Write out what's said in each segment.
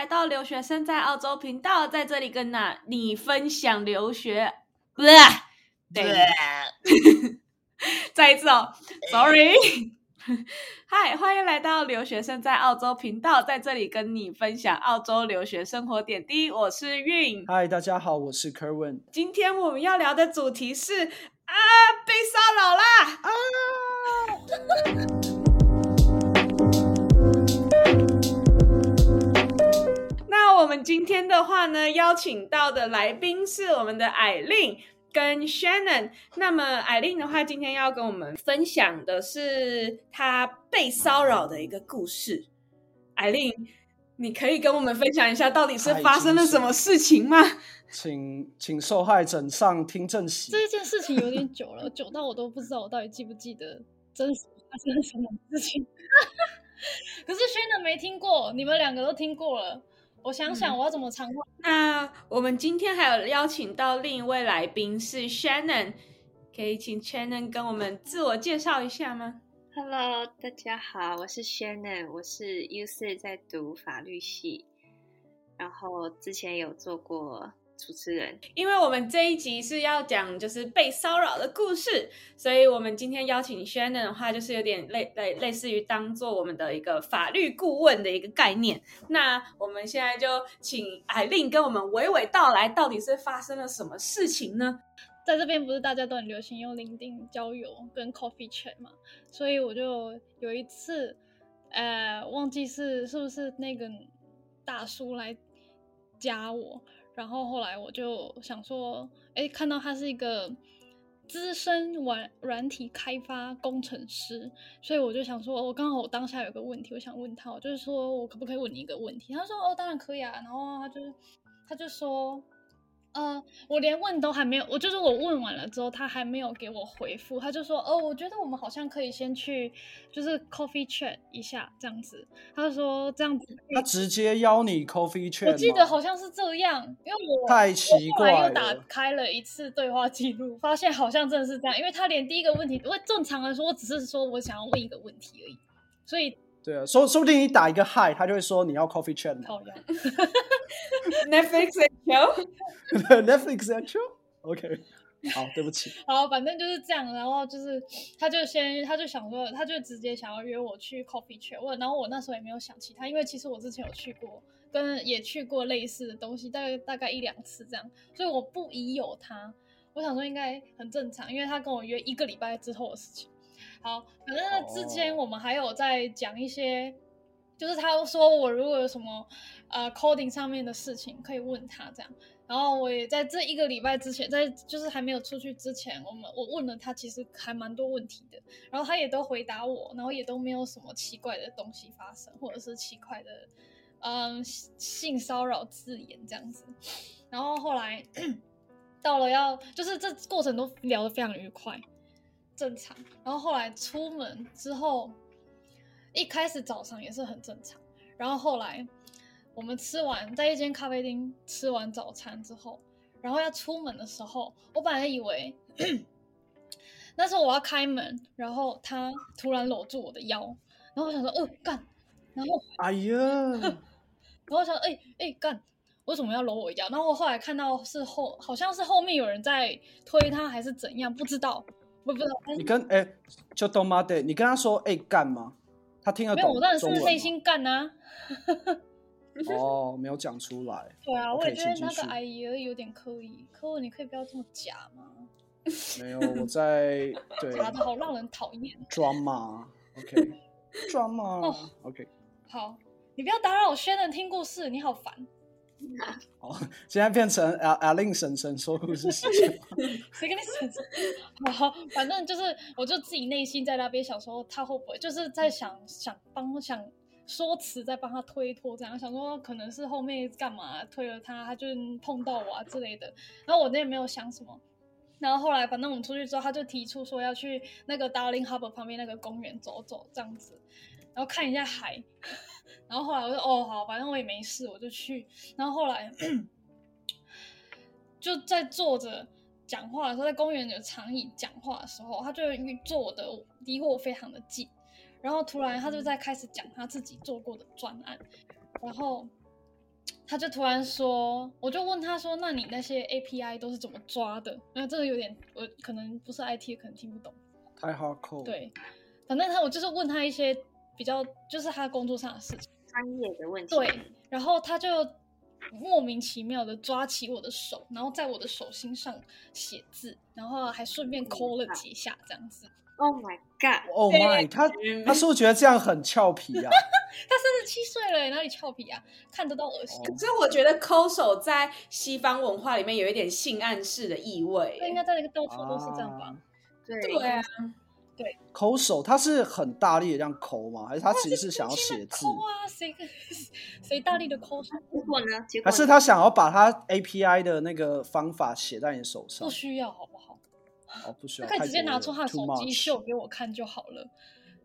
來到留學生在澳洲頻道，在這裡跟你分享留學。對， 再一次哦，sorry。嗨，歡迎來到留學生在澳洲頻道，在這裡跟你分享澳洲留學生活點滴。我是韻，嗨，大家好，我是 Kerwin。今天我們要聊的主題是啊，被騷擾啦！啊 我們今天的話呢，邀請到的來賓是我們的 Aileen 跟 Shannon。那麼 Aileen 的話，今天要跟我們分享的是她被騷擾的一個故事。Aileen，你可以跟我們分享一下，到底是發生了什麼事情嗎？情請請受害者上聽證席。這件事情有點久了， 久到我都不知道我到底記不記得真實發生了什麼事情。 可是 Shannon 沒聽過，你們兩個都聽過了。我想想我要怎麼唱，嗯。那我們今天還有邀請到另一位來賓是 Shannon，可以請 Shannon 跟我們自我介紹一下嗎？Hello，大家好，我是 Shannon，我是 U C 在讀法律系，然後之前有做過。主持人，因為我們這一集是要講就是被騷擾的故事，所以我們今天邀請 Shannon 的話，就是有點類類類似於當做我們的一個法律顧問的一個概念。那我們現在就請 Aileen 跟我們娓娓道來，到底是發生了什麼事情呢？在這邊不是大家都很流行用 LinkedIn 交友跟 Coffee Chat 嘛，所以我就有一次，呃，忘記是是不是那個大叔來加我。然後後來我就想說，哎，看到他是一個資深軟軟體開發工程師，所以我就想說，我、哦、剛好我當下有個問題，我想問他，我就是說我可不可以問你一個問題？他說，哦，當然可以啊。然後他就他就說。呃，我連問都還沒有，我就是我問完了之後，他還沒有給我回覆，他就說：“哦、呃，我覺得我們好像可以先去就是 coffee chat 一下這樣子。”他說：“這樣子。”他直接邀你 coffee chat。我記得好像是這樣，因為我，太奇怪，我後來又打開了一次對話記錄，發現好像真的是這樣，因為他連第一個問題，我正常的說，我只是說我想要問一個問題而已，所以。對啊，說說不定你打一個嗨，他就會說你要 coffee chat。討厭同樣。 Netflix and chill。Netflix and chill。OK。好，對不起。好，反正就是這樣。然後就是，他就先，他就想說，他就直接想要約我去 coffee chat。問，然後我那時候也沒有想其他，因為其實我之前有去過，跟也去過類似的東西，大概大概一兩次這樣，所以我不疑有他。我想說應該很正常，因為他跟我約一個禮拜之後的事情。好，反正之間我們還有在講一些，oh. 就是他說我如果有什麼呃 coding 上面的事情可以問他這樣，然後我也在這一個禮拜之前，在就是還沒有出去之前，我們我問了他，其實還蠻多問題的，然後他也都回答我，然後也都沒有什麼奇怪的東西發生，或者是奇怪的嗯、呃、性騷擾字眼這樣子，然後後來 到了要就是這過程都聊得非常愉快。正常，然後後來出門之後，一開始早上也是很正常，然後後來我們吃完在一間咖啡廳吃完早餐之後，然後要出門的時候，我本來還以為 那是我要開門，然後他突然摟住我的腰，然後我想說，呃幹，然後哎呀，然後想，哎、欸、哎、欸、幹，為什麼要摟我腰？然後我後來看到是後好像是後面有人在推他還是怎樣，不知道。不不，不你跟哎，就懂嗎？對，你跟他說哎幹、欸、嗎？他聽得懂沒有？我當然是內心幹啊。哦，沒有講出來。對啊，okay, 我也覺得那個哎也有點刻意。Okay, 可我你可以不要這麼假嗎？沒有，我在。 對，假的好讓人討厭。裝嘛 Drama ,，OK。裝嘛，OK。Oh, Okay. 好，你不要打擾我 Shannon 聽故事，你好煩。 好，現在變成 Aileen 嬸嬸說故事。誰跟你嬸嬸？反正就是，我就自己內心在那邊想說，他會不會就是在想、嗯、想幫想說辭，在幫他推脫這樣，想說可能是後面幹嘛推了他，他就碰到我啊之類的。然後我那也沒有想什麼。然後後來，反正我們出去之後，他就提出說要去那個 Darling Harbour 旁邊那個公園走走，這樣子，然後看一下海。 然後後來我就哦，好，反正我也沒事，我就去。然後後來 就在坐着講話的時候，在公園的長椅講話的時候，他就坐的離我非常的近。然後突然他就在開始講他自己做過的專案，然後他就突然說，我就問他說：“那你那些 API 都是怎麼抓的？”那這個有點我可能不是 IT，可能聽不懂。太 hard code。對，反正他我就是問他一些。比較就是他工作上的事情，專業的問題。對，然後他就莫名其妙的抓起我的手，然後在我的手心上寫字，然後還順便摳了幾下，這樣子。Oh my god！Oh 對 my！他他是不是覺得這樣很俏皮呀、啊？ 他三十七歲了，哪裡俏皮啊？看著都噁心。可是我覺得摳手在西方文化裡面有一點性暗示的意味。應該在那個到處都是這樣吧？啊、對對啊。對，摳手，他是很大力的這樣摳嗎？還是他其實是想要寫字？哇，誰誰大力的摳手？結果呢？結果還是他想要把他 API 的那個方法寫在你手上？不需要，好不好？哦，不需要。他可以直接拿出他的手機秀給我看就好了。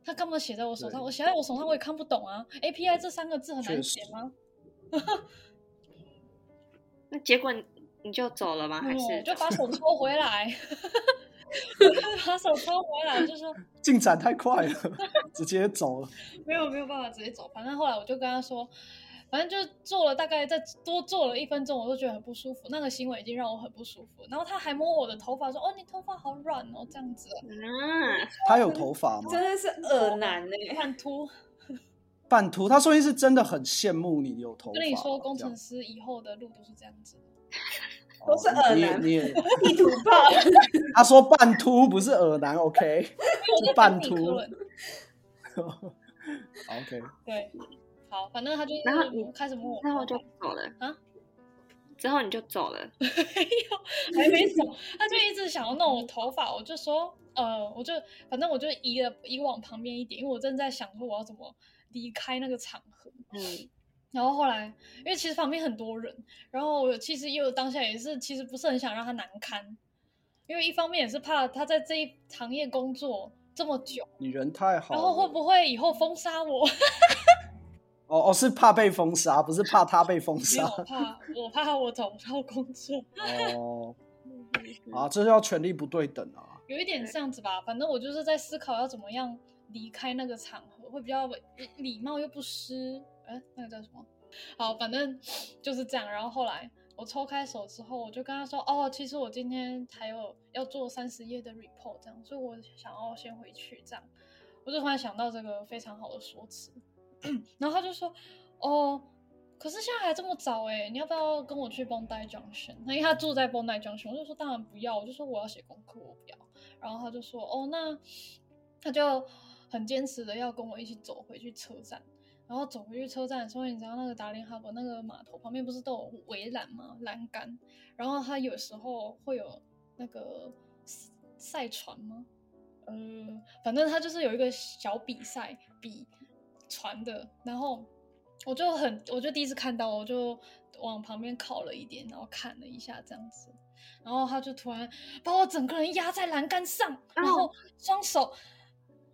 他幹嘛寫在我手上？我寫在我手上，我也看不懂啊！API 這三個字很難寫嗎？那結果你就走了嗎？還是我就把手抽回來？ 我就把他手抽回來，就說進展太快了，直接走了。 沒有沒有辦法，直接走。反正後來我就跟他說，反正就做了大概再多做了一分鐘，我都覺得很不舒服。那個行為已經讓我很不舒服。然後他還摸我的頭髮，說：“哦，你頭髮好軟哦，這樣子。麼”嗯，他有頭髮嗎？真的是惡男呢，半禿圖。 半禿，他說的是真的很羨慕你有頭髮。跟你說，工程師以後的路都是這樣子。 都是耳男，哦、你你 你禿泡怕。 他說半禿不是耳男，OK，是半禿。OK，對，好，反正他就然後你開始摸我，然後就走了啊，之後你就走了，哎呦，還沒走，他就一直想要弄我頭髮，我就說呃，我就反正我就移了移往旁邊一點，因為我正在想說我要怎麼離開那個場合。嗯。然後後來，因為其實旁邊很多人，然後我其實又當下也是，其實不是很想讓他難堪，因為一方面也是怕他在這一行業工作這麼久，你人太好，然後會不會以後封殺我？ 哦哦，是怕被封殺，不是怕他被封殺。我怕，我怕他我找不到工作。 哦，啊，這叫權力不對等啊。有一點這樣子吧，反正我就是在思考要怎麼樣離開那個場合會比較禮貌又不失。哎，那個叫什麼？好，反正就是這樣。然後後來我抽開手之後，我就跟他說：“哦，其實我今天還有要做三十頁的 report，這樣，所以我想要先回去。”這樣，我就突然想到這個非常好的說辭。嗯、然後他就說：“哦，可是現在還這麼早、欸，誒，你要不要跟我去 Bondi Junction？那因為他住在 Bondi Junction。”我就說：“當然不要。”我就說：“我要寫功課，我不要。”然後他就說：“哦，那他就很堅持的要跟我一起走回去車站。”然後走回去車站的時候，你知道那個達令哈伯那個碼頭旁邊不是都有圍欄嗎？欄杆，然後他有時候會有那個賽船嗎？呃，反正他就是有一個小比賽比船的。然後我就很，我就第一次看到，我就往旁邊靠了一點，然後看了一下這樣子。然後他就突然把我整個人壓在欄杆上，Oh. 然後雙手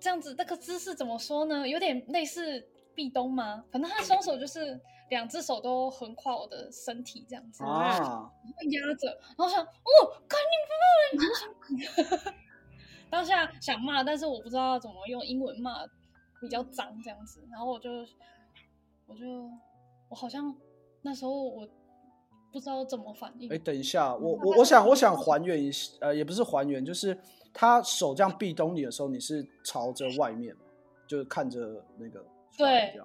這樣子，那個姿勢怎麼說呢？有點類似。壁咚嗎？反正他雙手就是兩隻手都橫跨我的身體這樣子，啊、然後壓着，然後我想哦，趕緊不當、啊、 下想罵，但是我不知道怎麼用英文罵比較髒這樣子，然後我就我就我好像那時候我不知道怎麼反應。哎，等一下，我我我想我想還原一下，呃，也不是還原，就是他手這樣壁咚你的時候，你是朝着外面，就是看着那個。對，這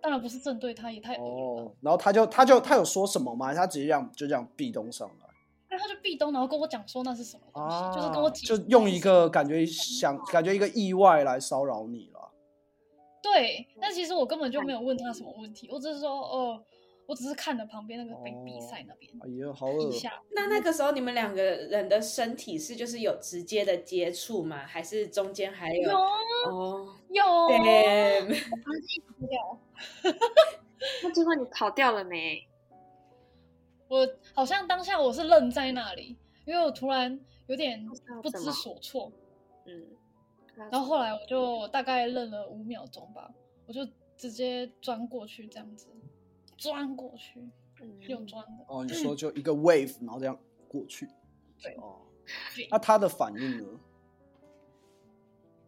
當然不是正對他，也太離、哦、然後他就他就他有說什麼嗎？他直接這樣就這樣壁咚上來。對，他就壁咚，然後跟我講說那是什麼東西，啊、就是跟我講就用一個感覺想感覺一個意外來騷擾你了。對，但其實我根本就沒有問他什麼問題，我只是說哦。呃我只是看了旁邊那個比賽那邊、哦哎、好下。那那個時候你們兩個人的身體是就是有直接的接觸嗎？還是中間還有？哎呦哦、有，有、嗯。還是跑掉。 那最後你跑掉了沒？我好像當下我是愣在那裡，因為我突然有點不知所措。啊、嗯。然後後來我就大概愣了五秒鐘吧，我就直接鑽過去這樣子。鑽過去，用鑽的。哦，你說就一個 wave，、嗯、然後這樣過去。對哦。那對、啊、他的反應呢？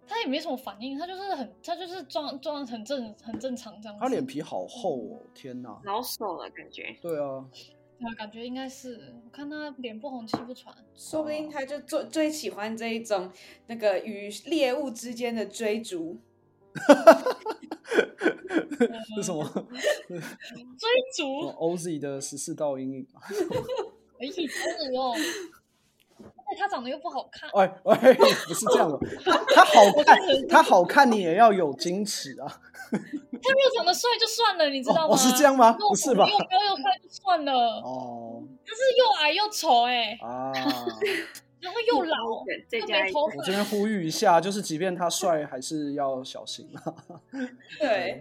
他也沒什麼反應，他就是很，他就是裝裝很正，很正常這樣子。他臉皮好厚哦，嗯、天吶哪。老手了感覺。對啊。那、啊、感覺應該是，我看他臉不紅氣不喘，說不定他就最最喜歡這一種那個與獵物之間的追逐。嗯 是什麼？追逐 o z i 的十四道陰影。哎、 欸，真的哦！他長得又不好看。哎哎，不是這樣的， 他好看，他好看，你也要有矜持啊！他如果長得帥就算了， 你知道嗎、哦？是這樣嗎？不是吧？又高又帥就算了。哦，他是又矮又醜哎、欸。啊。 然後又老，沒頭髮。我這邊呼籲一下，就是即便他帥，還是要小心啊。 對。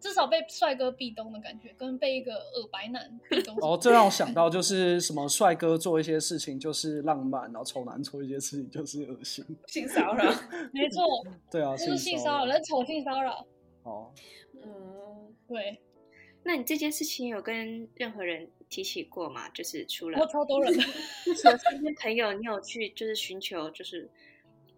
至少被帥哥壁咚的感覺，跟被一個噁白男壁咚的。哦，這讓我想到就是什麼，帥哥做一些事情就是浪漫，然後醜男做一些事情就是噁心。性騷擾，沒錯。 對啊，就是性騷擾，人醜、嗯、性騷擾。哦，嗯，對。那你這件事情有跟任何人提起過嗎？就是出來。了超超多人，就是身邊朋友，你有去就是尋求就是。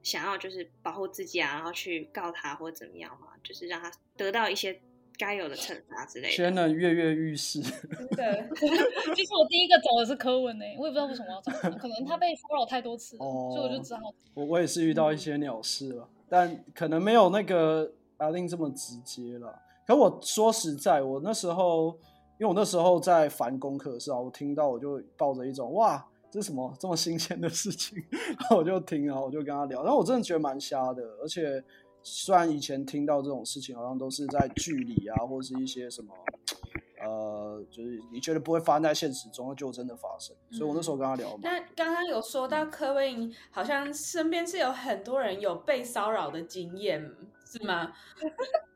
想要就是保護自己啊，然後去告他或者怎麼樣嘛，就是讓他得到一些該有的懲罰之類的。真的躍躍欲試。對， 其實我第一個找的是 Kerwin 呢、欸，我也不知道為什麼要、啊、找麼，可能他被騷擾太多次，哦、所以我就只好。我我也是遇到一些鳥事了，嗯、但可能沒有那個 Aileen 這麼直接了。可我說實在，我那時候因為我那時候在煩功課是吧？我聽到我就抱着一種哇。這是什麼這麼新鮮的事情？然 後我就聽啊，我就跟他聊。然後我真的覺得蠻瞎的，而且雖然以前聽到這種事情，好像都是在劇裡啊，或者是一些什麼，呃，就是你覺得不會發生在現實中，就真的發生。所以我那時候跟他聊嘛。那、嗯、對剛剛有說到 Kerwin，嗯、好像身邊是有很多人有被騷擾的經驗，是嗎？嗯、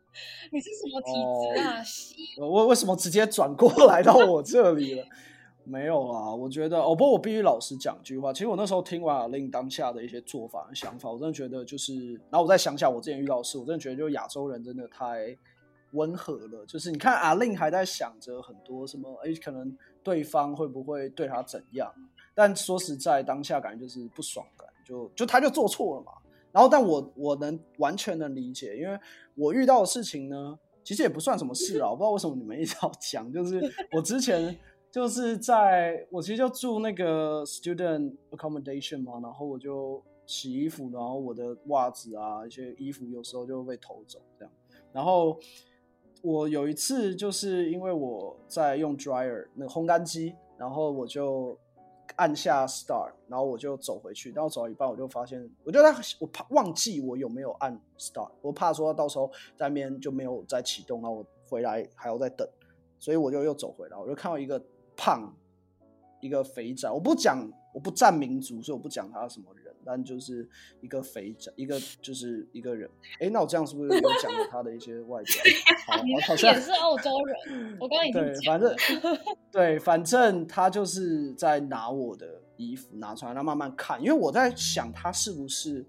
你是什麼體質啊、哦？我為什麼直接轉過來到我這裡了？ 沒有啦，我覺得哦，不過我必須老實講一句話。其實我那時候聽完 Aileen 當下的一些做法和想法，我真的覺得就是，然後我再想想我之前遇到的事，我真的覺得就亞洲人真的太溫和了。就是你看 Aileen 還在想着很多什麼，哎，可能對方會不會對他怎樣？但說實在，當下感覺就是不爽感，就就他就做錯了嘛。然後，但我我能完全能理解，因為我遇到的事情呢，其實也不算什麼事啊。我不知道為什麼你們一直要講，就是我之前。 就是在我其實就住那個 student accommodation 嘛，然後我就洗衣服，然後我的襪子啊，一些衣服有時候就會被偷走這樣。然後我有一次就是因為我在用 dryer 那個烘乾機，然後我就按下 start，然後我就走回去，然後走到一半我就發現，我就在，我怕我忘記我有沒有按 start，我怕說到時候在那邊就沒有再啟動，然後我回來還要再等，所以我就又走回來，我就看到一個。胖一個肥仔，我不講，我不占民族，所以我不講他什麼人，但就是一個肥仔，一個就是一個人。哎、欸，那我這樣是不是講了他的一些外表？ 好，我好像也是澳洲人。 我剛剛已經對，反正對，反正他就是在拿我的衣服拿出來，然後慢慢看，因為我在想他是不是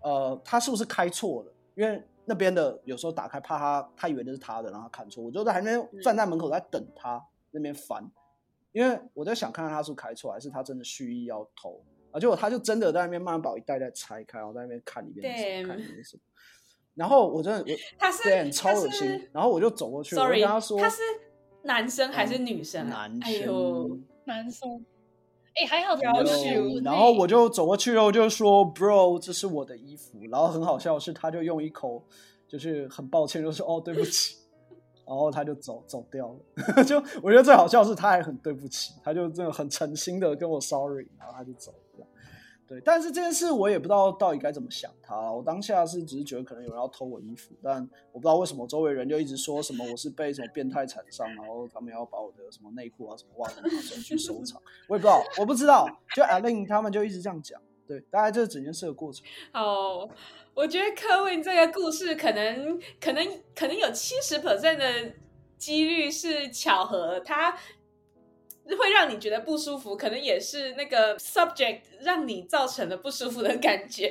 呃，他是不是開錯了？因為那邊的有時候打開，怕他他以為那是他的，然後他看錯。我就在那邊站在門口是在等他，那邊煩。因為我在想，看他是不是開錯，還是他真的蓄意要偷啊？結果他就真的在那邊慢慢把我一袋袋拆開，我在那邊看裡面，對看裡面什麼。然後我真的，我他是超噁心。是然後我就走過去了，Sorry, 我跟他說他是男生還是女生啊、嗯？男生，男生、哎。哎，還好沒有。哎、呦對然後我就走過去之後就說，Bro，這是我的衣服。然後很好笑的是，他就用一口就是很抱歉，就說哦，oh, 對不起。 然後他就走走掉了， 就我覺得最好笑是他還很對不起，他就真的很誠心的跟我 sorry，然後他就走這樣，對。但是這件事我也不知道到底該怎麼想他，我當下是只是覺得可能有人要偷我衣服，但我不知道為什麼周圍人就一直說什麼我是被什麼變態纏上，然後他們要把我的什麼內褲啊什麼襪子拿走去收藏，我也不知道，我不知道。就 Aileen 他們就一直這樣講。對，大概就是整件事的過程。哦，oh, 我覺得 Kerwin 這個故事可能可能可能有七十 percent 的幾率是巧合，它會讓你覺得不舒服，可能也是那個 subject 讓你造成了不舒服的感覺。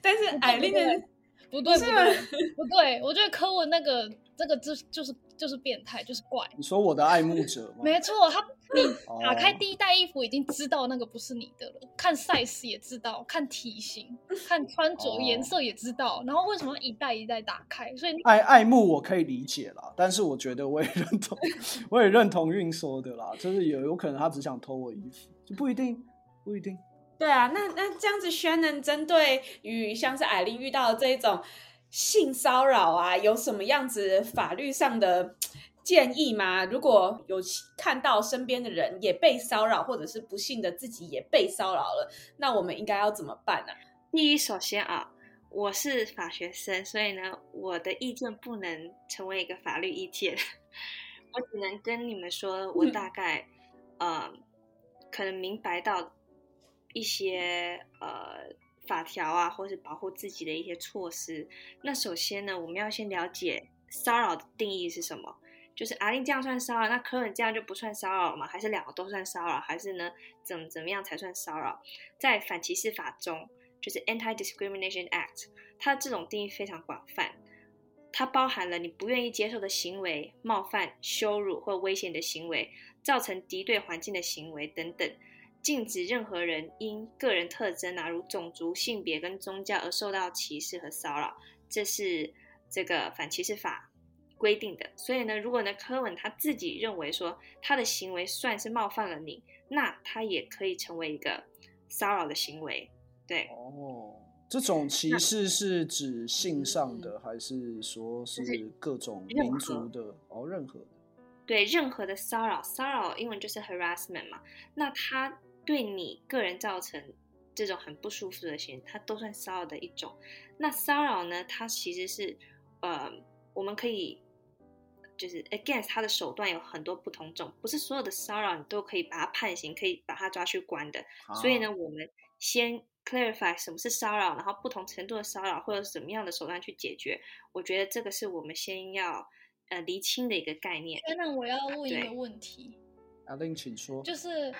但是 Aileen 的不對不對，不對我覺得 Kerwin 那個。這個就是就是就是變態，就是怪。你說我的愛慕者嗎？沒錯，他你打開第一袋衣服，已經知道那個不是你的了。Oh. 看 size 也知道，看體型，看穿着顏色也知道。Oh. 然後為什麼一袋一袋打開？所以愛愛慕我可以理解啦，但是我覺得我也認同， 我也認同運說的啦，就是有有可能他只想偷我衣服，就不一定，不一定。對啊，那那這樣子，Shannon 針對於像是 Aileen 遇到的這一種。性騷擾啊，有什麼樣子法律上的建議嗎？如果有看到身邊的人也被騷擾，或者是不幸的自己也被騷擾了，那我們應該要怎麼辦呢、啊？第一，首先啊，我是法學生，所以呢，我的意見不能成為一個法律意見，我只能跟你們說，我大概、嗯呃、可能明白到一些呃。法條啊，或是保護自己的一些措施。那首先呢，我們要先了解騷擾的定義是什麼。就是 Aileen 這樣算騷擾，那 Kerwin 這樣就不算騷擾了嗎？還是兩個都算騷擾？還是呢，怎麼怎麼樣才算騷擾？在反歧視法中，就是 Anti-Discrimination Act，它這種定義非常廣泛，它包含了你不願意接受的行為、冒犯、羞辱或危險的行為、造成敵對環境的行為等等。禁止任何人因個人特徵、啊，拿如種族、性別跟宗教而受到歧視和騷擾，這是這個反歧視法規定的。所以呢，如果呢，Kerwin 他自己認為說他的行為算是冒犯了你，那他也可以成為一個騷擾的行為。對，哦，這種歧視是指性上的，那還是說是各種民族的？哦，任何的。對，任何的騷擾，騷擾英文就是 harassment 嘛，那他。對你個人造成這種很不舒服的行為，它都算騷擾的一種。那騷擾呢，它其實是，呃，我們可以就是 against 它的手段有很多不同種，不是所有的騷擾你都可以把它判刑，可以把它抓去關的。Oh. 所以呢，我們先 clarify 什麼是騷擾，然後不同程度的騷擾或者怎麼樣的手段去解決，我覺得這個是我們先要呃釐清的一個概念。那我要問一個問題。啊，請說，就是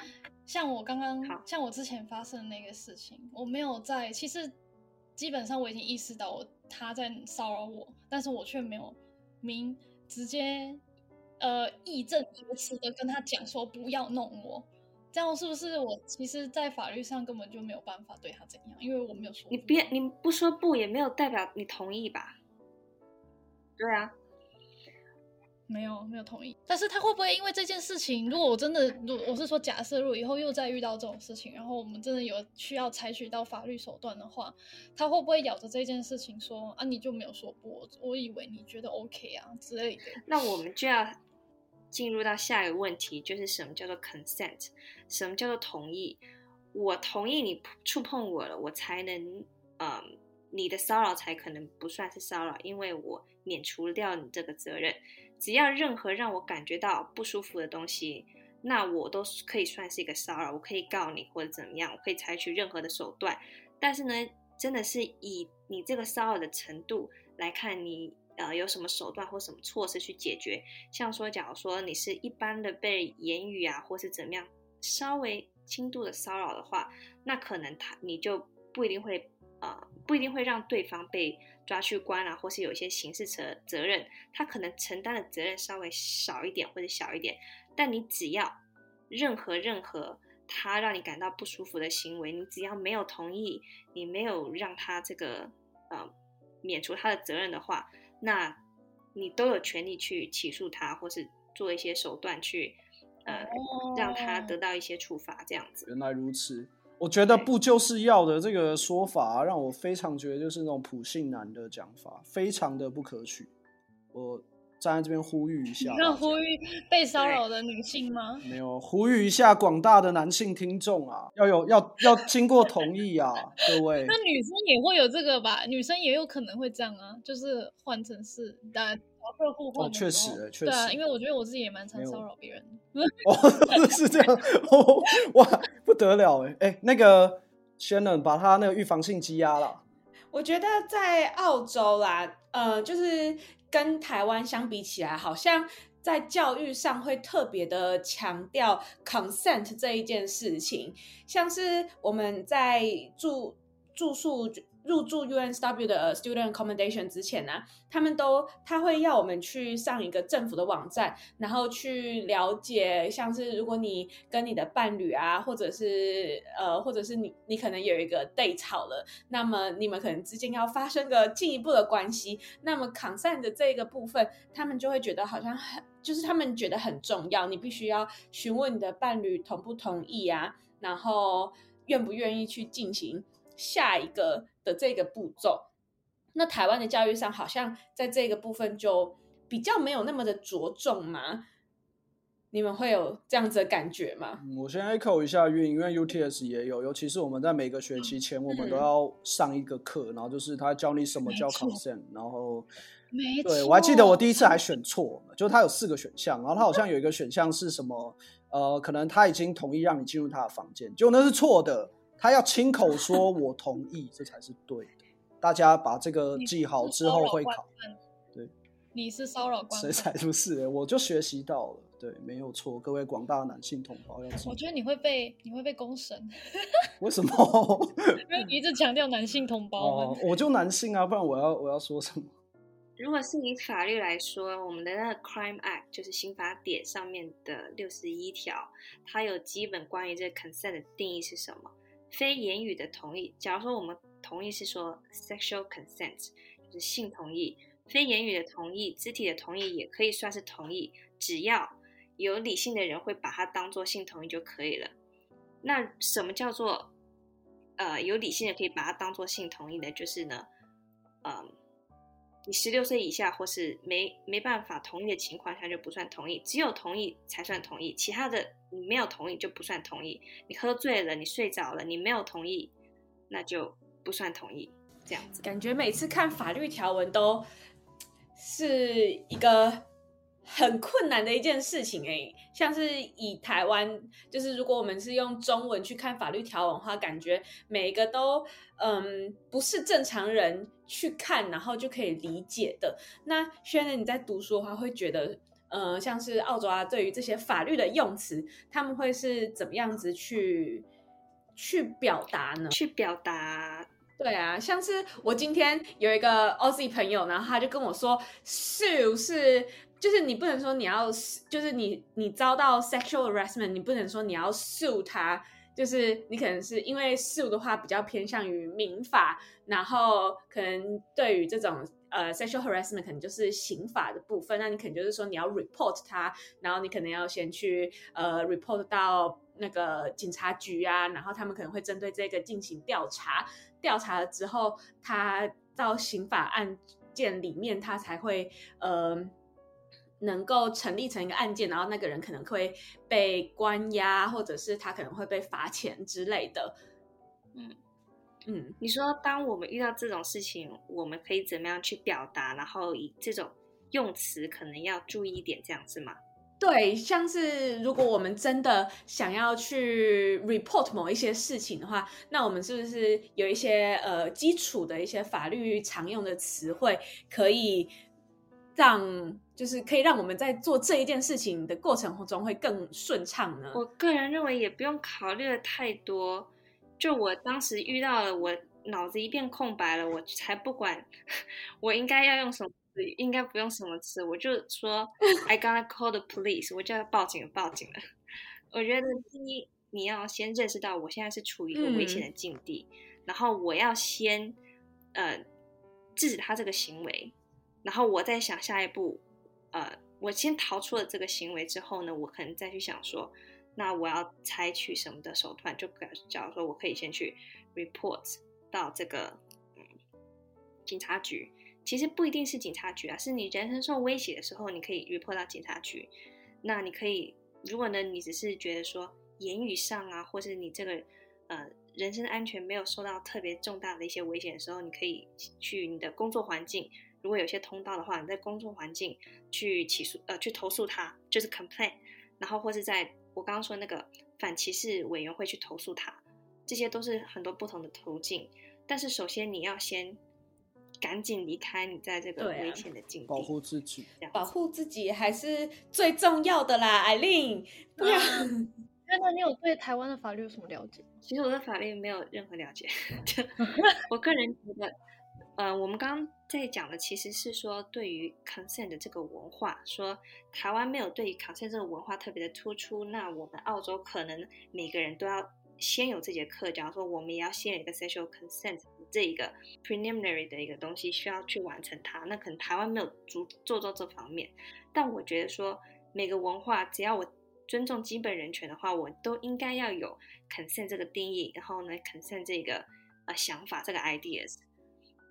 像我剛剛，好像我之前發生的那個事情，我沒有在，其實基本上我已經意識到我他在騷擾我，但是我卻沒有明直接呃義正言辭的跟他講說不要弄我，這樣是不是我其實，在法律上根本就沒有辦法對他怎樣？因為我沒有說你別你不說不也沒有代表你同意吧？對啊。沒有，沒有同意。但是他會不會因為這件事情，如果我真的，我我是說，假設如果以後又再遇到這種事情，然後我們真的有需要採取到法律手段的話，他會不會咬着這件事情說：“啊，你就沒有說不？我以為你覺得 OK 啊之類的。”那我們就要進入到下一個問題，就是什麼叫做 consent，什麼叫做同意？我同意你觸碰我了，我才能，嗯，你的騷擾才可能不算是騷擾，因為我免除掉你這個責任。只要任何讓我感覺到不舒服的東西，那我都可以算是一個騷擾，我可以告你或者怎麼樣，我可以採取任何的手段。但是呢，真的是以你這個騷擾的程度來看你，你呃有什麼手段或什麼措施去解決？像說假如說你是一般的被言語啊，或是怎麼樣，稍微輕度的騷擾的話，那可能他你就不一定會。呃，不一定會讓對方被抓去關啊，或是有一些刑事責任，他可能承擔的責任稍微少一點或者小一點。但你只要任何任何他讓你感到不舒服的行為，你只要沒有同意，你沒有讓他這個呃免除他的責任的話，那你都有權利去起訴他，或是做一些手段去呃讓他得到一些處罰，這樣子。原來如此。我覺得不就是要的這個說法啊，讓我非常覺得就是那種普信男的講法，非常的不可取。我站在這邊呼籲一下，那呼籲被騷擾的女性嗎？沒有，呼籲一下廣大的男性聽眾啊，要有要要經過同意啊， 各位。那女生也會有這個吧？女生也有可能會這樣啊，就是換成是大家。客戶，確、哦、實，確實，對啊，因為我覺得我自己也蠻常騷擾別人的哦，這是這樣，哦、哇， 不得了哎哎、欸，那個 Shannon 把他那個預防性羈押了。我覺得在澳洲啦，呃，就是跟台灣相比起來，好像在教育上會特別的強調 consent 這一件事情，像是我們在住住宿。入住 UNSW 的 Student Accommodation 之前呢、啊，他們都他會要我們去上一個政府的網站，然後去了解，像是如果你跟你的伴侶啊，或者是呃，或者是你你可能有一個 date 好了，那麼你們可能之間要發生個進一步的關係，那麼 consent 的這個部分，他們就會覺得好像很，就是他們覺得很重要，你必須要詢問你的伴侶同不同意啊，然後願不願意去進行。下一個的這個步驟，那台灣的教育上好像在這個部分就比較沒有那麼的着重嘛？你們會有這樣子的感覺嗎？我先 echo 一下，因為因為 UTS 也有，尤其是我們在每個學期前，嗯、我們都要上一個課，然後就是他教你什麼、嗯、叫 consent，沒錯、然後、沒錯、然後對，我還記得我第一次還選錯，就他有四個選項，然後他好像有一個選項是什麼，嗯、呃，可能他已經同意讓你進入他的房間，就那是錯的。他要親口說“我同意”， 這才是對的。大家把這個記好之後會考。對，你是騷擾官？誰才是、欸？我就學習到了。對，沒有錯。各位廣大男性同胞要，我覺得你會被你會被公審。 為什麼？ 因為你一直強調男性同胞、 啊。我就男性啊，不然我要我要說什麼？如果是以法律來說，我們的那個《Crime Act》就是刑法典上面的六十一條，它有基本關於這個 “consent” 的定義是什麼？非言語的同意，假如說我們同意是說 sexual consent，就是性同意。非言語的同意，肢體的同意也可以算是同意，只要有理性的人會把它當做性同意就可以了。那什麼叫做呃有理性的人可以把它當做性同意的，就是呢，嗯。你十六歲以下，或是沒沒辦法同意的情況下，就不算同意。只有同意才算同意，其他的你沒有同意就不算同意。你喝醉了，你睡着了，你沒有同意，那就不算同意。這樣子。感覺每次看法律條文都是一個。很困難的一件事情哎、欸，像是以台灣，就是如果我們是用中文去看法律條文的話，感覺每一個都嗯，不是正常人去看，然後就可以理解的。那軒在你在讀書的話，會覺得嗯、呃，像是澳洲啊，對於這些法律的用詞，他們會是怎麼樣子去去表達呢？去表達，對啊，像是我今天有一個澳 u 朋友，然後他就跟我說，sue 是，不是就是你不能說你要，就是你你遭到 sexual harassment，你不能說你要 sue 他。就是你可能是因為 sue 的話比較偏向於民法，然後可能對於這種呃 sexual harassment 可能就是刑法的部分。那你可能就是說你要 report 他，然後你可能要先去呃 report 到那個警察局啊，然後他們可能會針對這個進行調查。調查了之後，他到刑法案件裡面，他才會呃。能夠成立成一個案件，然後那個人可能會被關押，或者是他可能會被罰錢之類的。嗯嗯，嗯，你說，當我們遇到這種事情，我們可以怎麼樣去表達？然後以這種用詞可能要注意一點，這樣子嗎？對，像是如果我們真的想要去 report 某一些事情的話，那我們是不是有一些呃基礎的一些法律常用的詞彙可以？讓就是可以讓我們在做這一件事情的過程中會更順暢呢。我個人認為也不用考慮的太多。就我當時遇到了，我腦子一片空白了，我才不管我應該要用什麼詞，應該不用什麼詞，我就說 I gotta call the police，我就要報警了，報警了。我覺得你你要先認識到我現在是處於一個危險的境地，嗯、然後我要先呃制止他這個行為。然後我再想，下一步，呃，我先逃出了這個行為之後呢，我可能再去想說，那我要採取什麼的手段？就假如說我可以先去 report 到這個，嗯，警察局。其實不一定是警察局啊，是你人身受威脅的時候，你可以 report 到警察局。那你可以，如果呢，你只是覺得說言語上啊，或是你這個呃人身安全沒有受到特別重大的一些危險的時候，你可以去你的工作環境。如果有些通道的話，你在工作環境去起訴，呃，去投訴他，就是 complain，然後或是在我剛剛說那個反歧視委員會去投訴他，這些都是很多不同的途徑。但是首先你要先趕緊離開你在這個危險的境地，啊、保護自己，保護自己還是最重要的啦，Aileen、嗯。對啊，那、嗯、 那你有對台灣的法律有什麼了解？其實我對法律沒有任何了解， 我個人覺得。呃，我們剛剛在講的其實是說，對於 consent 的這個文化，說台灣沒有對 consent 這個文化特別的突出。那我們澳洲可能每個人都要先有這節課，假如說我們也要先有一個 sexual consent 這一個 preliminary、um、的一個東西，需要去完成它。那可能台灣沒有足做到這方面。但我覺得說，每個文化只要我尊重基本人權的話，我都應該要有 consent 這個定義，然後呢，consent 這個呃想法，這個 ideas。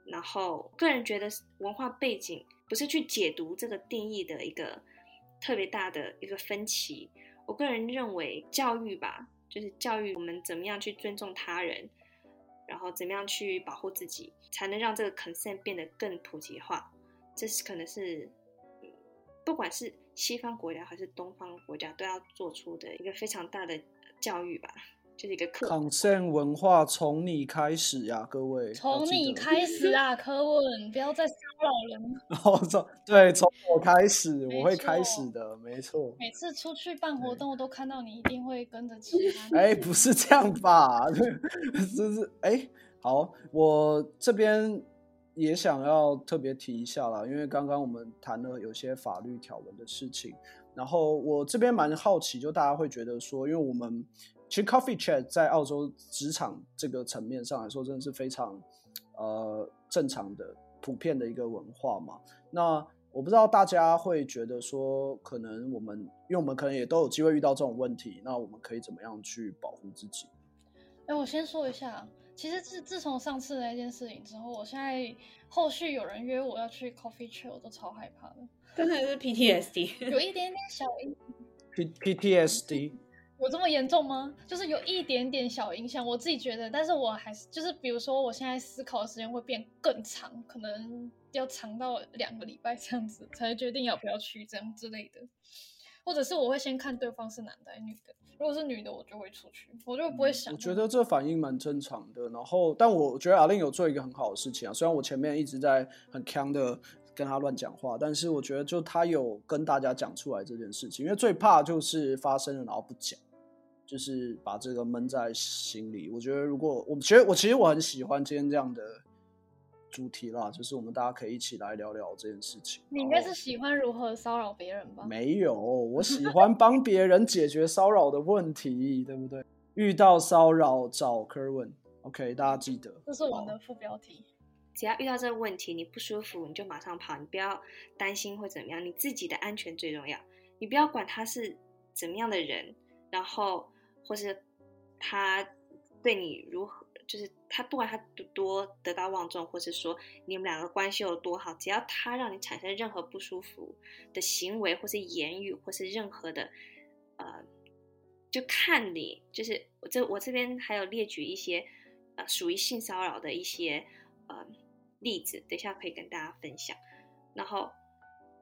然後，個人覺得文化背景不是去解讀這個定義的一個特別大的一個分歧。我個人認為，教育吧，就是教育我們怎麼樣去尊重他人，然後怎麼樣去保護自己，才能讓這個 consent 變得更普及化。這是可能是，不管是西方國家還是東方國家，都要做出的一個非常大的教育吧。consent 文化從你開始呀，各位！從你開始啊，科、啊、 文，不要再騷擾人。 然後從對，從我開始，錯我會開始的，沒錯。每次出去辦活動，對我都看到你一定會跟着其他。哎，不是這樣吧？就 是哎，好，我這邊也想要特別提一下啦，因為剛剛我們談了有些法律條文的事情，然後我這邊蠻好奇，就大家會覺得說，因為我們。其實 coffee chat 在澳洲職場這個層面上來說，真的是非常，呃，正常的、普遍的一個文化嘛。那我不知道大家會覺得說，可能我們，因為我們可能也都有機會遇到這種問題，那我們可以怎麼樣去保護自己？那、呃、我先說一下，其實自自從上次那件事情之後，我現在後續有人約我要去 coffee chat，我都超害怕的，真的是 PTSD， 有一點點小 PTSD。有這麼嚴重嗎？就是有一點點小影響，我自己覺得。但是我還是就是，比如說我現在思考的時間會變更長，可能要長到兩個禮拜這樣子才決定要不要去，這樣之類的。或者是我會先看對方是男的還是女的，如果是女的，我就會出去，我就會不會想、嗯。我覺得這反應蠻正常的。然後，但我覺得 Aileen 有做一個很好的事情啊。雖然我前面一直在很嗆的跟他亂講話，但是我覺得就他有跟大家講出來這件事情，因為最怕就是發生了然後不講。就是把這個悶在心裡。我覺得，如果我其實我其實我很喜歡今天這樣的主題啦，就是我們大家可以一起來聊聊這件事情。你應該是喜歡如何騷擾別人吧？沒有，我喜歡幫別人解決騷擾的問題， 對不對？遇到騷擾找 Kerwin。OK，大家記得。這是我們的副標題。好只要遇到這個問題，你不舒服你就馬上跑，你不要擔心或怎麼樣，你自己的安全最重要。你不要管他是怎麼樣的人，然後。或是他對你如何，就是他不管他多多德高望重，或是說你們兩個關係有多好，只要他讓你產生任何不舒服的行為，或是言語，或是任何的，呃，就看你，就是我這我這邊還有列舉一些，呃，屬於性騷擾的一些呃例子，等一下可以跟大家分享。然後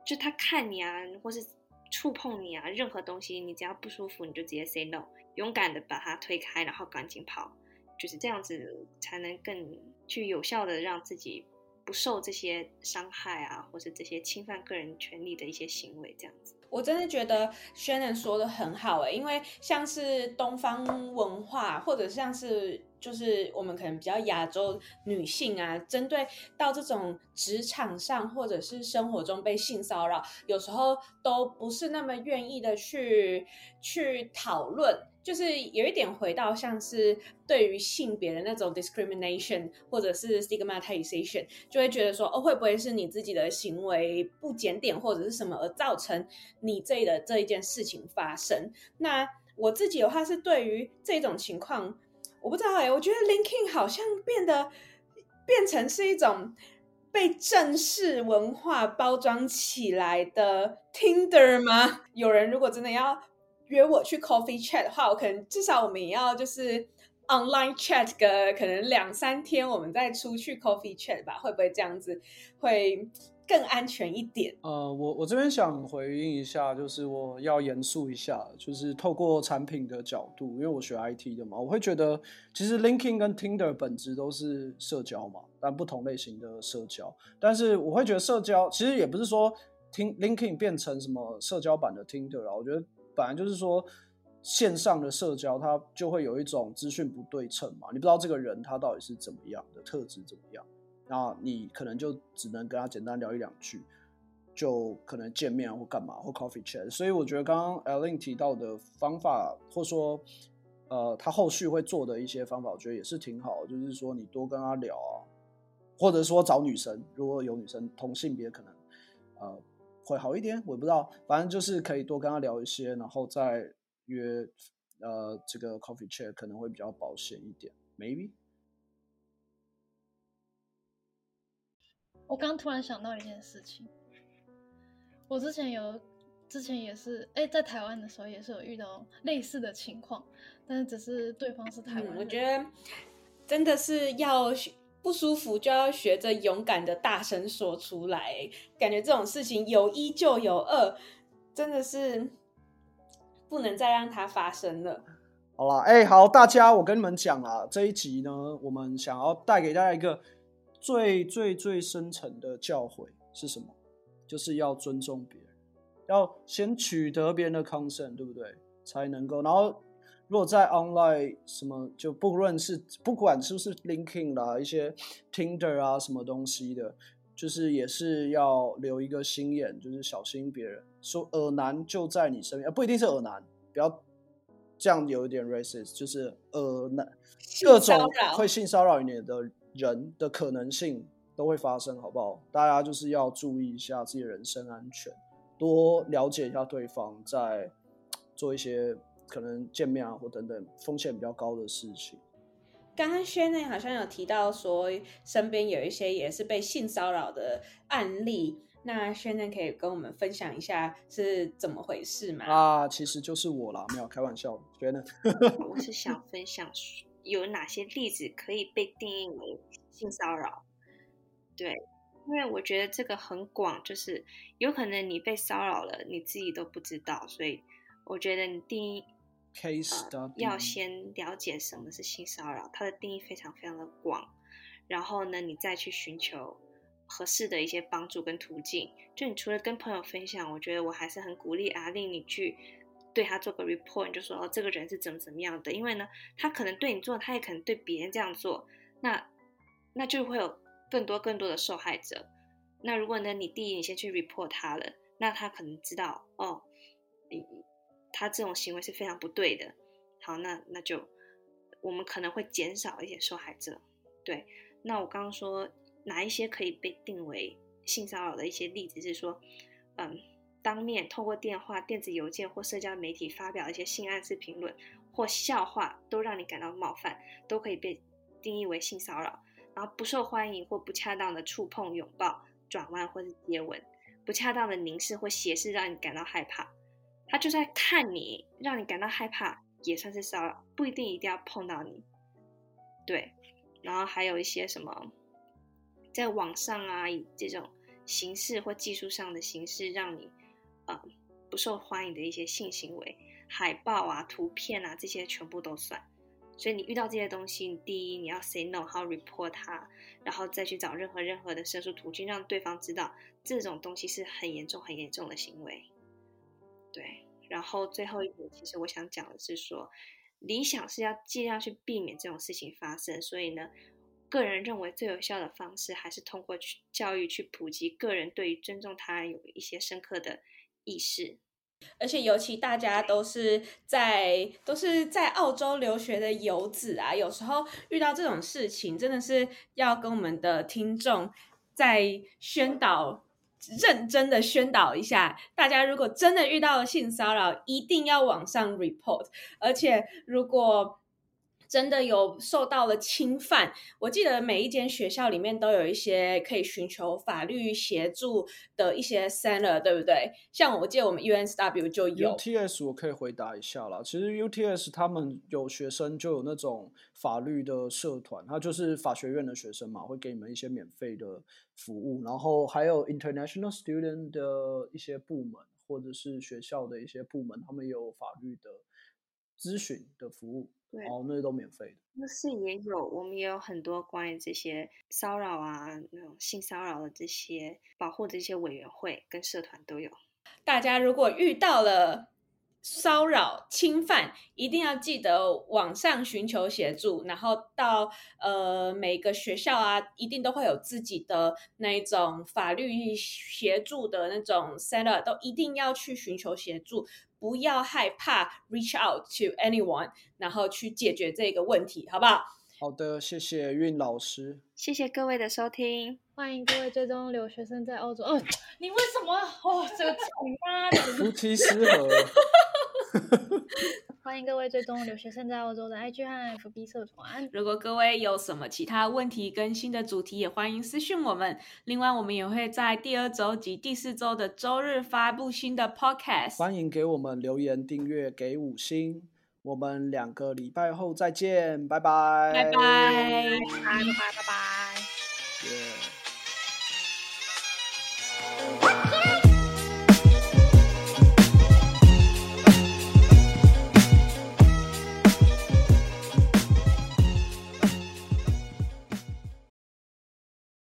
就他看你啊，或是觸碰你啊，任何東西，你只要不舒服，你就直接 say no。勇敢的把它推開，然後趕緊跑，就是這樣子才能更去有效的讓自己不受這些傷害啊，或是這些侵犯個人權利的一些行為。這樣子，我真的覺得 Shannon 說的很好哎、欸，因為像是東方文化，或者像是就是我們可能比較亞洲女性啊，針對到這種職場上或者是生活中被性騷擾，有時候都不是那麼願意的去去討論。就是有一點回到像是對於性別的那種 discrimination 或者是 stigmatization，就會覺得說哦會不會是你自己的行為不檢點或者是什麼而造成你這的這一件事情發生？那我自己的話是對於這種情況，我不知道哎，我覺得 LinkedIn 好像變得變成是一種被正式文化包裝起來的 Tinder 嗎？有人如果真的要。約我去 coffee chat 的話，我可能至少我們也要就是 online chat 個可能兩三天，我們再出去 coffee chat 吧，會不會這樣子會更安全一點？呃，我我這邊想回應一下，就是我要嚴肅一下，就是透過產品的角度，因為我學 IT 的嘛，我會覺得其實 linking 跟 Tinder 本質都是社交嘛，但不同類型的社交，但是我會覺得社交其實也不是說聽 linking 變成什麼社交版的 Tinder 啦，我覺得。反正就是說，線上的社交它就會有一種資訊不對稱嘛，你不知道這個人他到底是怎麼樣的特質怎麼樣，那你可能就只能跟他簡單聊一兩句，就可能見面或幹嘛或 coffee chat。所以我覺得剛剛 Aileen 提到的方法，或者說呃他後續會做的一些方法，我覺得也是挺好的，就是說你多跟他聊啊，或者說找女生，如果有女生同性別可能呃。會好一點，我不知道。反正就是可以多跟他聊一些，然後再約，呃，這個 coffee chair 可能會比較保險一點，maybe。我剛突然想到一件事情，我之前有，之前也是，哎，在台灣的時候也是有遇到類似的情況，但是只是對方是台灣的、嗯。我覺得真的是要。不舒服就要學着勇敢的大聲說出來。欸，感覺這種事情有一就有二，真的是不能再讓它發生了。好啦，哎、欸，好，大家，我跟你們講啊，這一集呢，我們想要帶給大家一個最最最深層的教誨是什麼？就是要尊重別人，要先取得別人的 consent 對不對？才能夠，然後。如果在 online 什麼，就不論是不管是不是 linking 啦、啊，一些 Tinder 啊什麼東西的，就是也是要留一個心眼，就是小心別人說噁男就在你身邊，不一定是噁男，不要這樣有一點 racist，就是噁男各種會性騷擾你的人的可能性都會發生，好不好？大家就是要注意一下自己的人身安全，多了解一下對方，再做一些。可能見面啊，或等等風險比較高的事情。剛剛軒仁好像有提到說，身邊有一些也是被性騷擾的案例。那軒仁可以跟我們分享一下是怎麼回事嗎？啊，其實就是我啦，沒有開玩笑。覺得呢，我是想分享有哪些例子可以被定義為性騷擾。對，因為我覺得這個很廣，就是有可能你被騷擾了，你自己都不知道。所以我覺得你定義。要先了解什麼是性騷擾，它的定義非常非常的廣。然後呢，你再去尋求合適的一些幫助跟途徑。就你除了跟朋友分享，我覺得我還是很鼓勵 Aileen 你去對他做個 report，就說哦，這個人是怎麼怎麼樣的。因為呢，他可能對你做，他也可能對別人這樣做。那那就會有更多更多的受害者。那如果呢，你第一你先去 report 他了，那他可能知道哦。你他這種行為是非常不對的。好，那那就我們可能會減少一些受害者。對，那我剛剛說哪一些可以被定為性騷擾的一些例子是說，嗯，當面、透過電話、電子郵件或社交媒體發表一些性暗示評論或笑話，都讓你感到冒犯，都可以被定義為性騷擾。然後不受歡迎或不恰當的觸碰、擁抱、轉彎或是接吻，不恰當的凝視或斜視，讓你感到害怕。他就在看你，讓你感到害怕，也算是騷擾，不一定一定要碰到你。對，然後還有一些什麼，在網上啊，以這種形式或技術上的形式讓你啊、嗯、不受歡迎的一些性行為、海報啊、圖片啊，這些全部都算。所以你遇到這些東西，第一你要 say no，然後 report 他 re 它，然後再去找任何任何的申訴途徑，讓對方知道這種東西是很嚴重、很嚴重的行為。對，然後最後一點其實我想講的是說，理想是要盡量去避免這種事情發生，所以呢，個人認為最有效的方式還是通過去教育去普及個人對於尊重他人有一些深刻的意識，而且尤其大家都是在對都是在澳洲留學的遊子啊，有時候遇到這種事情，真的是要跟我們的聽眾在宣導。認真的宣導一下，大家如果真的遇到了性騷擾，一定要往上 report，而且如果，真的有受到了侵犯，我記得每一間學校裡面都有一些可以尋求法律協助的一些 center，對不對？像我記得我們 UNSW 就有。UTS 我可以回答一下啦。其實 UTS 他們有學生就有那種法律的社團，他就是法學院的學生嘛，會給你們一些免費的服務。然後還有 international student 的一些部門，或者是學校的一些部門，他們有法律的諮詢的服務。對哦，那些、個、都免費的。就是也有，我們也有很多關於這些騷擾啊，那種性騷擾的這些保護，這些委員會跟社團都有。大家如果遇到了騷擾侵犯，一定要記得網上尋求協助，然後到呃每個學校啊，一定都會有自己的那種法律協助的那種 center，都一定要去尋求協助。不要害怕 reach out to anyone，然後去解決這個問題，好不好？好的，謝謝韻老師，謝謝各位的收聽，歡迎各位追蹤留學生在澳洲，哦。你為什麼哦？這個情啊，夫妻適合。 歡迎各位追蹤留學生在澳洲的 IG 和 FB 社團。如果各位有什麼其他問題跟新的主題，也歡迎私訊我們。另外，我們也會在第二周及第四周的周日發佈新的 Podcast。歡迎給我們留言、訂閱、給五星。我們兩個禮拜後再見，拜拜，拜拜，拜拜，拜拜，拜拜。